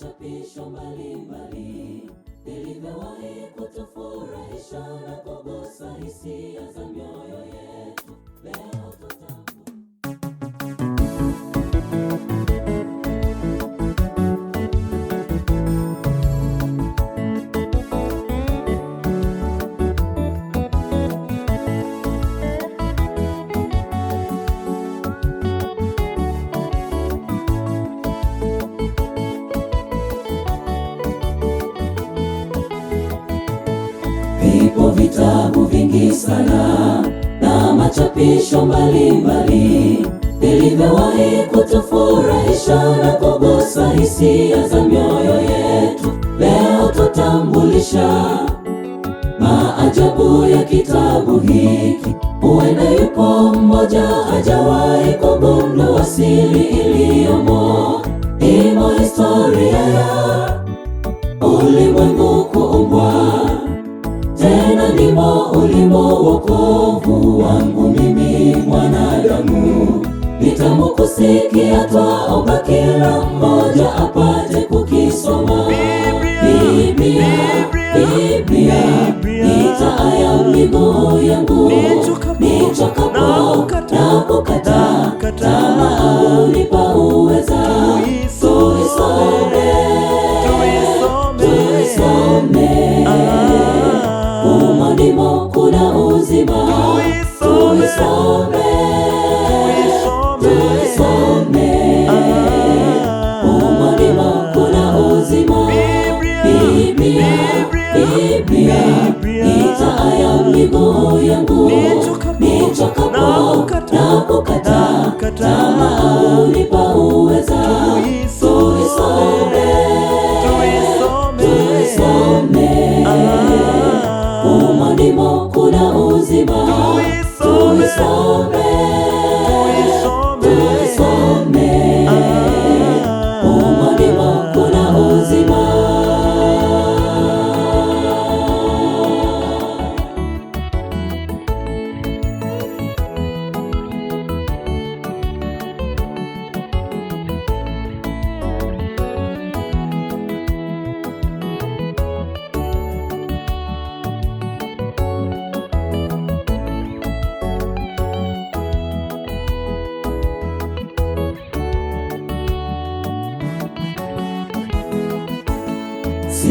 machapisho mbalimbali, vilivyowahi kutufurahisha na kugusa hisia za vitabu vingi sana na machapisho mbalimbali vilivyowahi kutufurahisha na kugusa hisia za mioyo yetu. Leo tutambulisha maajabu ya kitabu hiki. Huenda yupo mmoja hajawahi kugundua siri iliyomo, imo historia ya ulimwengu tena ndimo ulimo wokovu wangu mimi mwanadamu, nitamukusikia kusikia twaomba, kila mmoja apate kukisoma Biblia, Biblia ita aya miguu yangu nichokapo na kukataa tuna uzima, tuisome Tobismo, Tobismo, Tobismo.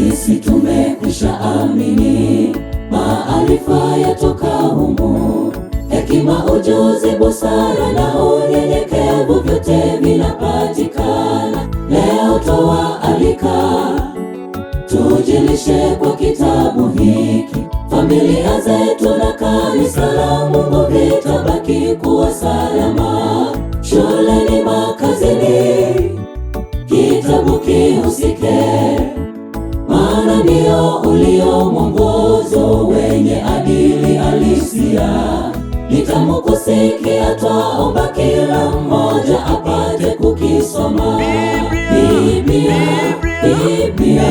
sisi tumekwisha amini, maarifa yatoka humu, hekima, ujuzi, busara na unyenyekevu, vyote vinapatikana. Leo twawaalika tujilishe kwa kitabu hiki, familia zetu na kanisa la Mungu vitabaki kuwa salama, shuleni, makazini, kitabu kihusike Bwana ndio ulio mwongozo wenye adili alisia Nitamukusikia tamu twaomba kila mmoja apate kukisoma. Biblia, Biblia,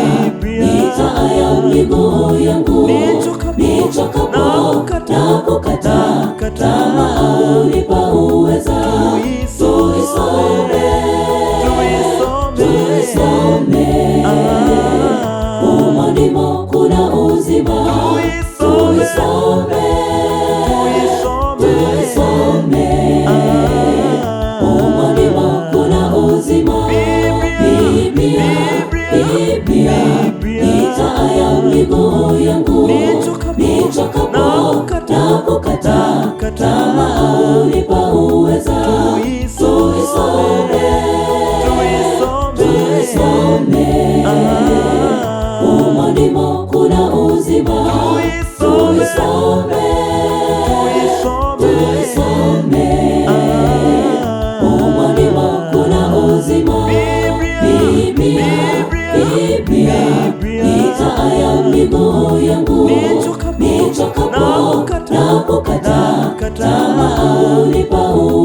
Biblia, taa ya miguu yangu mataa ya miguu yangu, nitokapo nakukataa tamaa, unipa